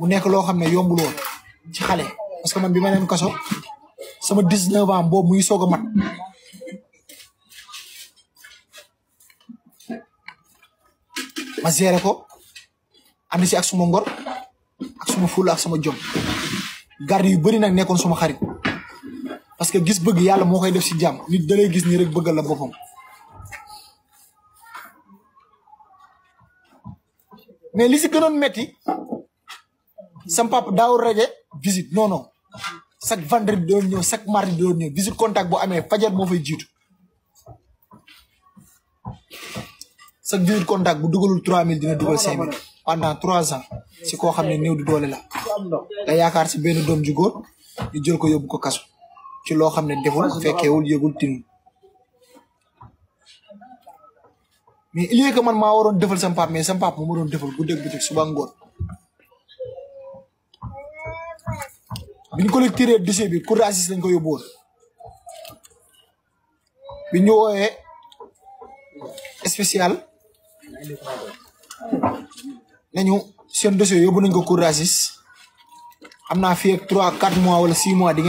mu nekk loo xam ne yombul woon ci xale parce que man bi ma neen kaso sama 19 ans boobu muy soog a mat ma géré ko and ci ak suma ngor ak suma ful ak sama jom garde yu bari nak nekkon suma xarit parce que gis bëgg yalla mo koy def ci jam nit dalay gis ni rek bëggal la bopam mais li ci gënon metti sam papa daawul rajo visite non non chaque vendredi doon ñëw chaque mardi doon ñëw contact bu amee fajar moo fay jiitu chaque visite contact bu dugalul 3000 dina dugal 5000 pendant 3 ans si koo xam ne néew di doole la nga yaakaar si benn doom ju góor ñu jël ko yóbbu ko kasu ci loo xam ne deful fekkeewul yëgul tinul mais il est que man maa waroon defal sam pap mais sam pap moo ma doon defal guddeeg bëccëg suba ngoon. bi ñu collecté dossier bi cour d'assises lañ ko yóbbuwoon biñ ñu woyé spécial nañu seen dossier yóbbu nañ ko cour d'assises amna fi ak 3 4 mois wala 6 mois di